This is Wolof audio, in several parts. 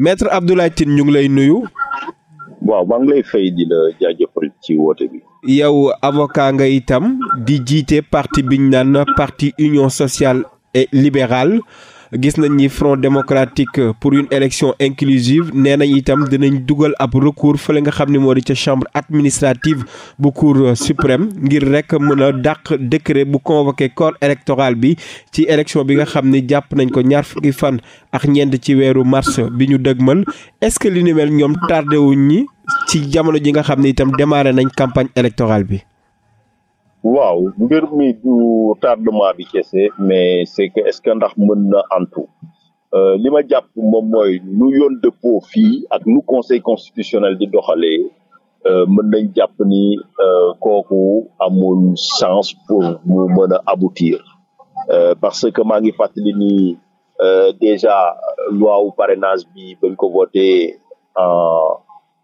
maître Abdoulaye Tine ñu ngi lay nuyu. waaw maa ngi lay fay di la jaajëfal ci woote bi. yow avocat nga itam di jiite parti biñ naan parti union sociale et libérale. gis nañ ni front démocratique pour une élection inclusive nee nañ itam dinañ dugal ab recours fële nga xam ne moo di ca chambre administrative bu cour suprême ngir rek mën a dàq décret bu convoqué corps électoral bi ci élection bi nga xam ni jàpp nañ ko ñaar fukki fan ax ñeent ci weeru mars bi ñu dëgmal est-ce que li ni mel ñoom tardé wuñ ñi ci jamono ji nga xam ni itam démarré nañ campagne électorale bi. waaw mbir mi du tardement bi kese mais c'est que est-ce que ndax mën na antu euh, li ma jàpp moom mooy nu yoon dëppoo fii ak nu conseil constitutionnel di doxalee euh, mën nañ jàpp ni euh, kooku amul chance pour mu mën a aboutir parce que maa ngi fàttali ni déjà loi wu parrainage bi bañ ko voté en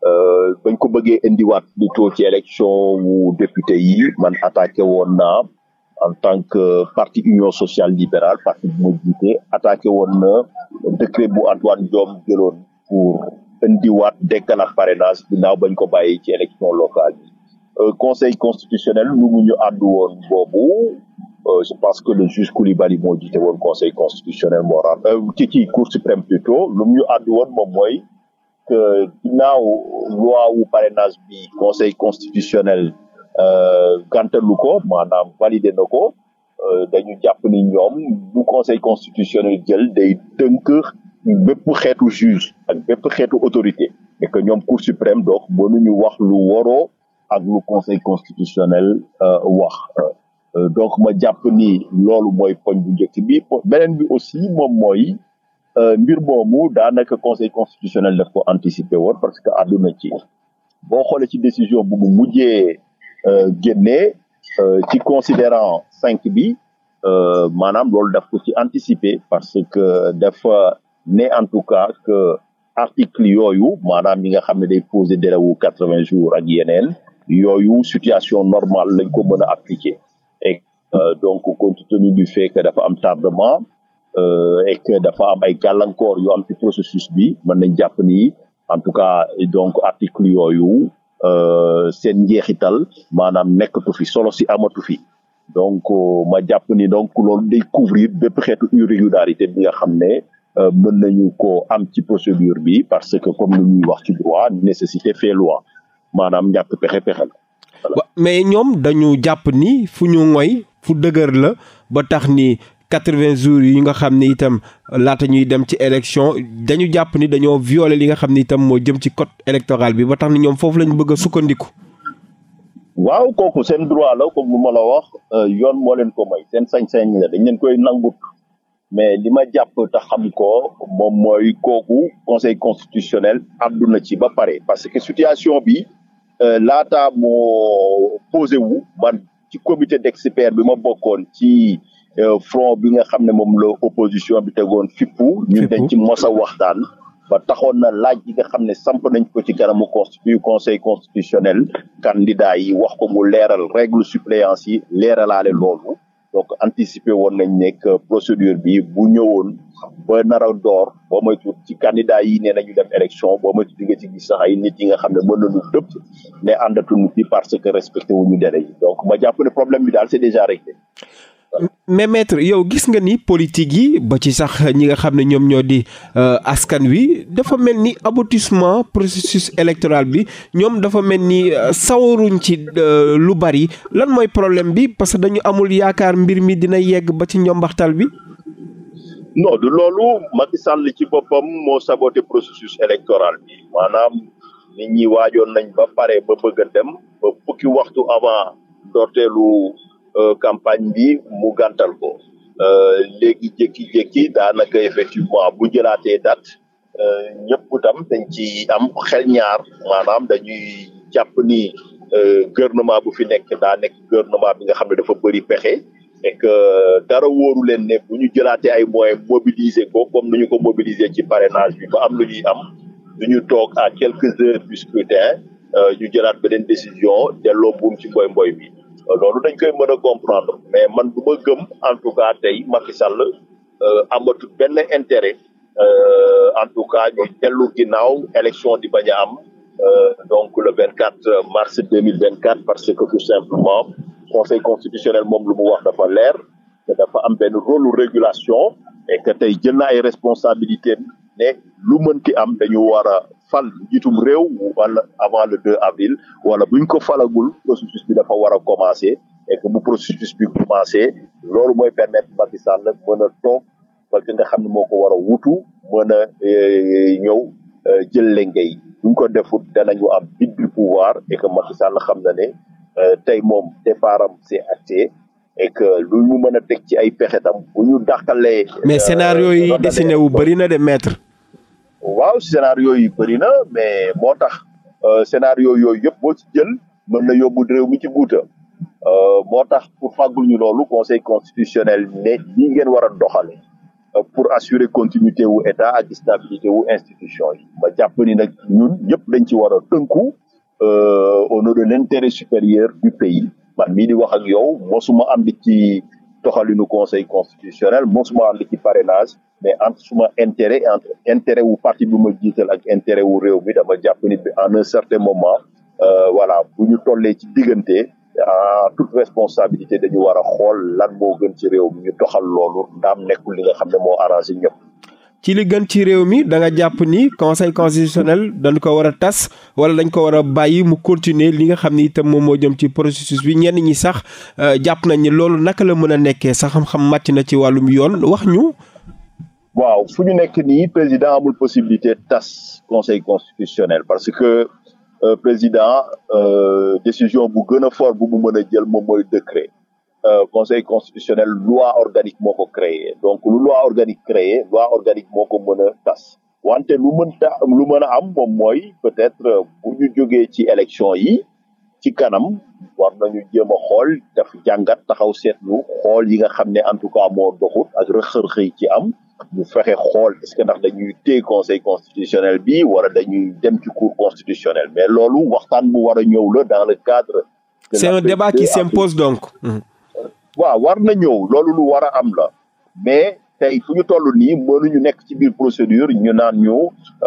Euh, bañ ko bëggee indiwaat plutôt ci élection wu député yi man attaqué woon naa en tant que parti union sociale libérale parti bu ma jiite attaqué woon na décret bu Antoine Diome jëloon pour indiwaat dekkalaat parrainage ginnaaw bañ ko bàyyi ci élection locale yi euh, conseil constitutionnel nu mu ñu àddu woon boobu euh, je pense que le juge Coulibaly moo jiite woon conseil constitutionnel moo ram ci ci cour suprême plutôt lu mu ñu àddu woon moom mooy ginnaaw loi wu parrainage bi conseil constitutionnel euh, gàntalu ko maanaam validé na ko euh, dañu jàpp ni ñoom lu conseil constitutionnel jël day tënk bépp xeetu juge ak bépp xeetu autorité et que ñoom cour suprême donc mënuñu wax lu waroo ak lu conseil constitutionnel euh, wax donc ma jàpp ni loolu mooy poñ bu njëkk bi beneen bi aussi moom mooy Euh, mbir moomu daanaka conseil constitutionnel daf ko anticiper woon parce que àdduna ci boo xoolee ci décision bu mu mujjee euh, génnee euh, ci considérant cinq bi maanaam loolu daf ko ci anticiper parce que dafa ne en tout cas que article yooyu maanaam yi nga xam ne day poser délai wu quatre-vingts jours ak yeneen yooyu situation normale lañ ko mën a appliquer et donc compte tenu du fait que dafa am tardement Euh, et dafa am ay gàllankoor yu am ci processus bi mën nañ jàpp ni en tout cas donc article yooyu euh, seen njeexital maanaam nekkatu fi solo si amatu fi donc euh, ma jàpp ni donc loolu de couvrir bépp xeetu irrégularité bi nga xam ne mën nañu ko am ci procédure bi parce que comme ni ñuy wax ci droit nécessité fait loi maanaam ñàkk pexe pexel la voilà. ñoom dañu jàpp ni fu ñu ngoy fu dëgër la ba tax ni quatre-vingts jours yi nga xam ni itam laata ñuy dem ci élection dañu jàpp ni dañoo violer yi nga xam ni itam moo jëm ci code électoral bi ba tax ni ñoom foofu lañ bëgg a sukkandiku. waaw kooku seen droit la comme lu ma la wax euh, yoon moo leen ko may seen sañ-sañ la dañ leen koy nangut mais li ma jàpp tax xam ko moom mooy kooku conseil constitutionnel àdduna ci ba pare parce que situation bi euh, laata moo posé wu man ci comité d'experts bi ma bokkoon ci. Euh, front bi nga xam ne moom la opposition bi tegoon fippu ñu dañ ci mos a waxtaan ba taxoon na laaj yi nga xam ne samp nañ ko ci kanamu constitu conseil constitutionnel candidat yi wax ko mu leeral règle suppléance si leeralaale loolu donc anticiper woon nañ nekk procédure bi bu ñëwoon ba nar a door boo moytu ci candidat yi nee nañu dem élection boo moytu di nga ci gis sax ay nit yi nga xam ne mën nañu dëpp ne àndatuñu fi parce que respecté wuñu délai yi donc ma jàpp ne problème bi daal c'est déjà réglé mais maître yow gis nga ni politique yi ba ci sax ñi nga xam ne ñoom ñoo di euh, askan wi dafa mel ni aboutissement processus électoral bi ñoom dafa mel ni euh, sawaruñ ci euh, lu bari lan mooy problème bi parce que dañu amul yaakaar mbir mi dina yegg ba ci njombaxtal bi. non du loolu Macky ci boppam moo saboté processus électoral bi maanaam nit ñi waajoon nañ ba pare ba bëgg a dem ba fukki waxtu avant ndorteelu. Euh, campagne bi mu gàntal ko euh, léegi jékki-jékki daanaka effectivement bu jëlaatee date euh, ñëpp tam dañ ci am xel ñaar maanaam dañuy jàpp ni gouvernement bu fi nekk daa nekk gouvernement bi nga xam ne dafa bëri pexe et que dara wóoru leen ne bu ñu jëlaatee ay moyens mobiliser ko comme nu ñu ko mobiliser ci parrainage bi ba am lu ñuy am du ñu toog à quelques heures du scrutin ñu jëlaat beneen décision delloo buum ci mboy mboy bi loolu dañ koy mën a comprendre mais man du ma gëm en tout cas tey Macky Sall euh, amatul benn intérêt euh, en tout cas ñuy dellu ginnaaw élection di bañ a euh, donc le 24 mars 2024 parce que tout simplement conseil constitutionnel moom lu mu wax dafa leer te dafa am benn rôle régulation et que tey jël na ay responsabilité ne lu mën ki am dañu war a fal njiitum réew wala avant le 2 avril wala buñ ko falagul processus bi dafa war a commencer bu processus bi commencer loolu mooy permettre Macky Sall mën a toog ba ki nga xam ne moo ko war a wutu mën a e, ñëw e, jël lengay buñ ko defut danañu am bit du pouvoir et que Macky Sall xam na ne e, tey moom départam c'est acté et que lu mu mën a teg ci ay pexe tam bu ñu dàqalee. mais scénario euh, yi dessiné wu bëri na de maître. waaw scénario yi bëri na mais moo tax euh, scénario yooyu yëpp boo ci jël mën na yóbbu réew mi ci guuta euh, moo tax pour fàggul ñu loolu conseil constitutionnel ne lii ngeen war a doxale euh, pour assurer continuité wu état ak stabilité wu institution yi ma jàpp ni nag ñun ñëpp dañ ci war a tënku au nom de l'intérêt supérieur du pays ma mii di wax ak yow mosuma am di ci doxalinu conseil constitutionnel mosuma ànd ci parrainage mais entre suma intérêt entre intérêt wu parti bi ma jiital ak intérêt wu réew mi dama jàpp ni bi en un certain moment euh, voilà bu ñu tollee ci diggante en toute responsabilité dañu war a xool lan moo gën ci réew mi ñu toxal loolu ndaam nekkul li nga xam ne moo arrangé ñëpp ci li gën ci réew mi da nga jàpp ni conseil constitutionnel dañ ko war a tas wala dañ ko war a bàyyi mu continuer li nga xam ni itam moom moo jëm ci processus bi ñenn ñi sax euh, jàpp nañ ni loolu naka la mën a nekkee sax xam-xam màcc na ci wàllum yoon wax ñu. waaw fu ñu nekk nii président amul possibilité tas conseil constitutionnel parce que euh, président euh, décision bu gën a fort bu mu mën a jël moom mooy décret. Euh, conseil constitutionnel loi organique moo ko créé donc lu loi organique créé loi organique moo ko mën a tas wante lu mën ta lu mën a am moom mooy peut-être euh, bu ñu jógee ci élection yi ci kanam war dañu jéem a xool daf jàngat taxaw seetlu xool yi nga xam ne en tout cas moo doxut ak rëq-rëq ci am ñu fexe xool parce ce que ndax dañuy téye conseil constitutionnel bi wala dañuy dem ci cour constitutionnelle mais loolu waxtaan bu war a ñëw la dans le cadre c'est débat waaw war na ñëw loolu lu war a am la mais tey fu ñu toll nii mënuñu nekk ci biir procédure ñu naan ñu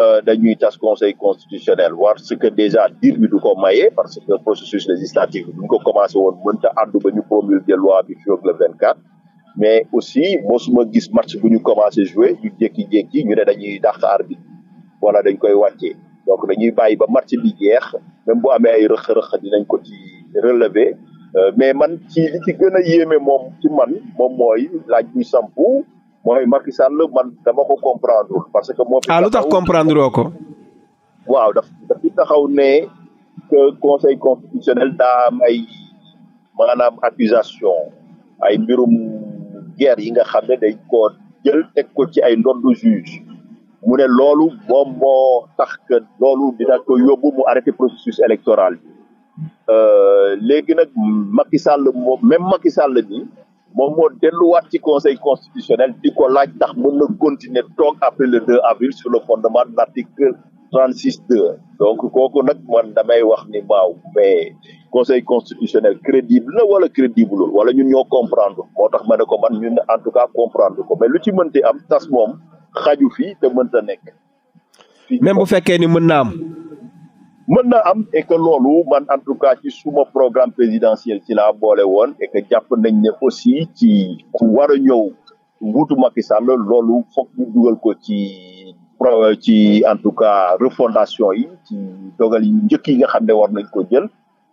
euh, dañuy tas conseil constitutionnel war ce que déjà diir bi du ko maye parce que processus législatif bi ñu ko commencé woon mënta àddu ba ñu promulguer loi bi fii ak le 24. mais aussi mosuma gis match bu ñu commencé jouer ñu jékki-jékki ñu ne dañuy dàq arbitre wala dañ koy wàccee donc dañuy bàyyi ba match bi jeex même bu amee ay rëq-rëq dinañ ko ci relever. Euh, mais man ci ci gën a yéeme moom ci man moom mooy laaj buy sampu mooy Macky Sall man dama ko comprendre parce que. moo fi ah, lu tax comprendre loo ko. waaw daf dafi taxaw ne que conseil constitutionnel daa am ay maanaam accusation ay mbirum guerre yi nga xam ne day ko jël teg ko ci ay ndondu juge mu ne loolu moom moo tax que loolu dina ko yóbbu mu arrêté processus électoral bi. Euh, léegi nag Macky Sall moom même Macky Sall nii moom moo delluwaat ci conseil constitutionnel di ko laaj ndax mën na continuer toog après le 2 avril sur le fondement de l'article donc kooku nag man damay wax ni waaw mais conseil constitutionnel crédible la wala crédible wala ñun ñoo comprendre moo tax ma ne ko man ñun en tout cas comprendre ko mais lu ci mën mënti am tas moom xaju fii te mënta nekk. même bu fekkee ni mën na am. mën na am et que loolu man en tout cas ci suma programme présidentiel ci laa boole woon et jàpp nañ ne aussi ci war a ñëw wuutu Macky Sall loolu foog ñu dugal ko ci ci en tout cas refondation yi ci dogal yi njëkk yi nga xam ne war nañ ko jël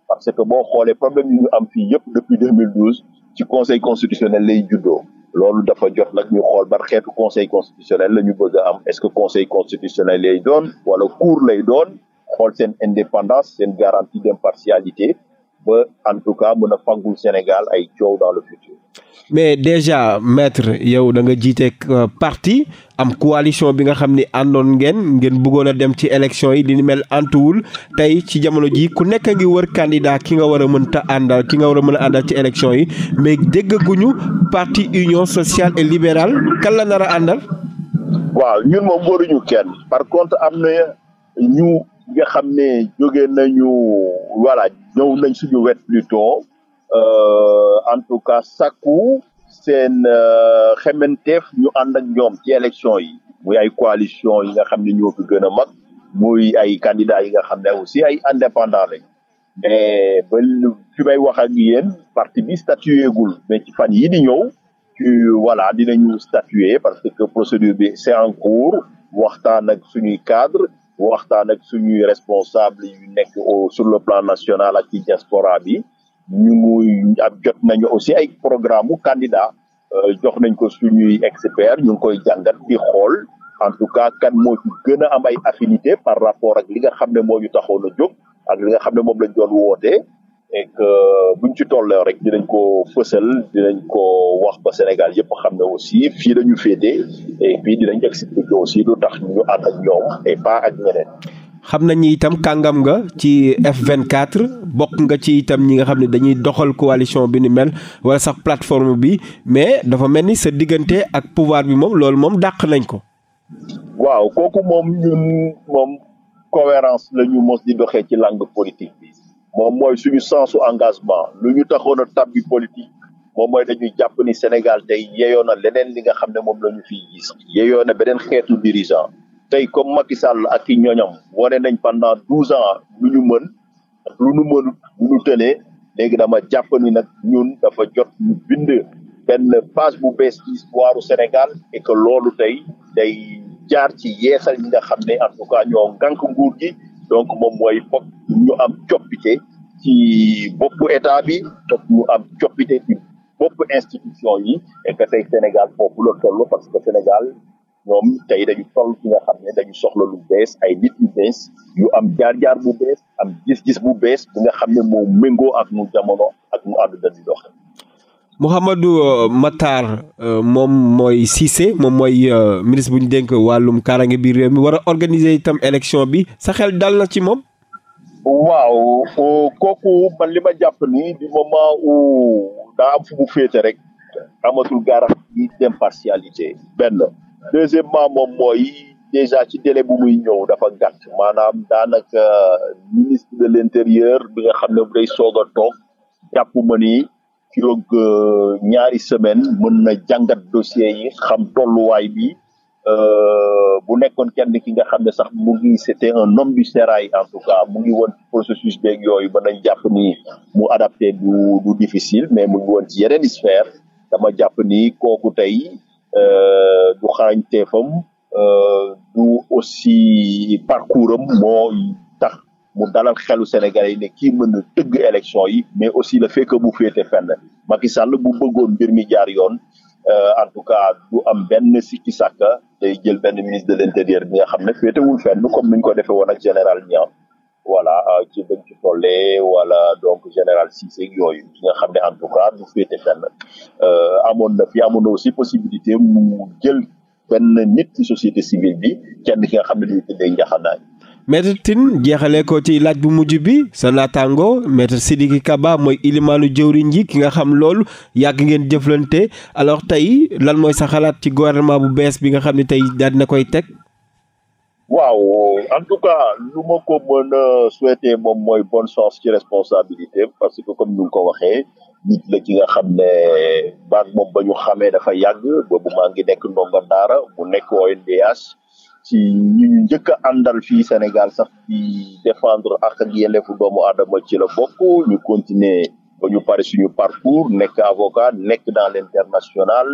parce que boo xoolee problème yi ñu am fii yëpp depuis 2012 ci conseil constitutionnel lay juddoo loolu dafa jot nag ñu xool ban xeetu conseil constitutionnel la ñu bëgg a am est-ce que conseil constitutionnel lay doon wala cour lay doon xool seen indépendance seen garantie d'impartialité ba en tout cas mën a fàggul Sénégal ay coow dans le futur. mais déjà maître yow da nga jiite parti am coalition bi nga xam ni àndoon ngeen ngeen bëggoon a dem ci élection yi li mel antuwul tey ci jamono ji ku nekk ngi wër candidat ki nga war a mën ta àndal ki nga war a mën a àndal ci élection yi mais déggaguñu parti union sociale et libérale kan la nar àndal. waaw ñun moom wóoruñu kenn par contre am nga xam ne jóge nañu voilà ñëw nañ suñu wet to plutôt euh, en tout cas sacku seen euh, xementeef ñu ànd ak ñoom ci élection yi muy ay coalition yi nga xam ne ñoo fi gën a mag muy ay candidats yi nga xam ne aussi ay indépendant lañ mais ba fi may wax ak yéen parti bi statuégul mais ci fan yi di ñëw ci voilà dinañu statuer parce que procédure bi c'est en cours waxtaan ak suñuy cadre waxtaan ak suñuy responsable yi nekk sur le plan national ak ci bi ñu muy ab jot nañu aussi ay programme u candidat euh, jox nañ ko suñuy expert ñu ngi koy jàngat di xool en tout cas kan moo ci gën a am ay affinité par rapport ak li nga xam ne moo ñu taxoon a jóg ak li nga xam ne moom lañ doon wootee et que buñ ci tolloo rek dinañ ko fësal dinañ ko wax ba Sénégal yëpp xam ne aussi fii la ñu féetee et puis dinañ expliquer aussi lu tax ñu ànd ak ñoom et pas ak ñeneen. xam nañ ni itam kàngam nga ci F24 bokk nga ci itam ñi nga xam ne dañuy doxal coalition bi ni mel wala sax plateforme bi mais dafa mel ni sa diggante ak pouvoir bi moom loolu moom dàq nañ ko. waaw kooku moom ñun moom cohérence la ñu mos di doxee ci langue politique bi. moom mooy suñu sensu engagement lu ñu taxoon a tàbbi politique moom mooy dañuy jàpp ni Sénégal tey yeyoo na leneen li nga xam ne moom la ñu fiy gis yeyoo na beneen xeetu dirigeant tey comme Macky Sall ak i ñoñam wane nañ pendant douze ans lu ñu mën lu ñu mënut lu ñu tënee léegi dama jàpp ni nag ñun dafa jot ñu bind benn page bu bees ci histoire Sénégal et que loolu tey day jaar ci yeesal ñi nga xam ne en tout cas ñoo gànk nguur gi donc moom mooy fokk ñu am coppite ci boppu état bi te ñu am coppite ci boppu institution yi et tey Sénégal foofu la toll parce que Sénégal moom tey dañu toll ki nga xam ne dañu soxla lu bees ay nit yu bees yu am jaar-jaar bu bees am gis-gis bu bees bi nga xam ne moo méngoo ak mu jamono ak mu nu àdduna di dox Mouhamadou euh, Matar euh, moom mooy Cissé moom mooy euh, ministre bu ñu dénk wàllum kaaraange biir réew mi war a organiser itam élection bi sa xel dal na ci moom waaw euh, kooku man li ma jàpp ni du moment am fu mu féete rek amatul garab yi d'impartialité benn deuxièmement moom mooy déjà ci délai bu ñëw dafa gàtt maanaam daanaka ministre de l'intérieur bi nga xam ne bu day soog a toog jàpp ma ni ci euh, ñaari semaine mën na jàngat dossier yi xam tolluwaay bi Euh, bu nekkoon kenn ki nga xam ne sax mu ngi c'était un homme du sérail en tout cas mu ngi woon processus beeg yooyu ba nañ jàpp ni mu adapté du du difficile mais mu ngi woon ci yeneen sphère dama jàpp ni kooku tey euh, du xarañteefam euh, du aussi parcours am moo tax mu dalal xelu Sénégalais yi ne kii mën tëgg élection yi mais aussi la fait que bu féete fenn Macky Sall bu bëggoon mbir mi jaar yoon Euh, en tout cas du am benn sikki sàkka day jël benn ministre de l' intérieur bi nga xam ne féetewul fenn comme niñ ko defee woon ak général Niang voilà euh, ci bañ ci tollee wala donc général Cissé yooyu bi nga xam ne en tout cas du féete fenn euh, amoon na fi amoon na aussi possibilité mu jël benn nit ci société civile bi kenn ki nga xam ne dañuy maître Tine jeexalee ko ci laaj bu mujj bi sa naataango maître Sidiki Kaba mooy ilimaanu jëwriñ ji ki nga xam loolu yàgg ngeen jëflante alors tey lan mooy sa xalaat ci gouvernement bu bees bi nga xam ne tey daal dina koy teg. waaw en tout cas lu ma ko mën a moom mooy bonne chance ci responsabilité parce que comme ni nga ko waxee nit la ki nga xam ne baag moom ba ñu xamee dafa yàgg boobu maa ngi nekk ndongo daara mu nekk ONDH ci ñu ñu njëkk a àndal fii Sénégal sax di défendre ak ak yelleefu doomu adama ci la bokk ñu continuer ba ñu pare suñu parcours nekk avocat nekk dans l'international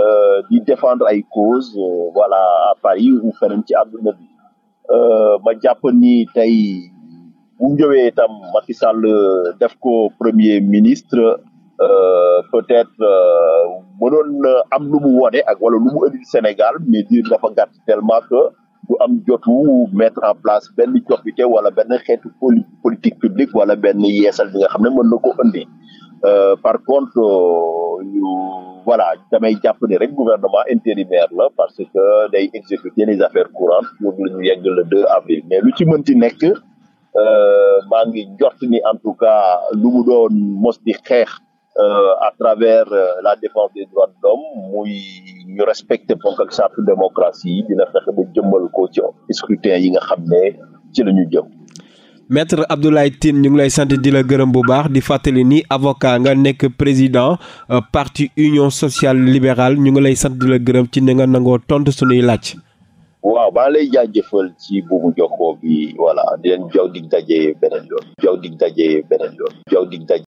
euh, di défendre ay cause euh, voilà à Paris ou feneen ci àdduna bi euh, ma jàpp ni tey bu ñëwee itam Macky Sall def ko premier ministre Euh, peut-être euh, mënoon na am lu mu wone ak wala lu indi Sénégal mais diir dafa gàtt tellement que du am jotu mettre en place benn coppite wala benn xeetu poli politique publique wala benn yeesal bi nga xam ne mën na ko indi euh, par contre ñu voilà damay jàpp rek gouvernement intérimaire la parce que day exécuter les affaires courantes pour lu ñu yegg le 2 avril mais lu ci mënti nekk maa ngi jort ni en tout cas lu mu doon xeex Euh, à euh, la défense des droits de l'homme muy ñu respecté ponk ak charte démocratie yi dina fexe ba jëmmal ko ci scrutin yi nga xam ne ci lañu ñu jëm. Maître Abdoulaye Tine ñu ngi lay sant di la gërëm bu baax di fàttali ni avocat nga nekk président euh, parti union sociale libérale ñu ngi lay sant di la gërëm ci ni nga nangoo tontu suñuy laaj. waaw baa lay jaajëfal ci boobu jokkoo bi voilà di leen jaw dig beneen yoon.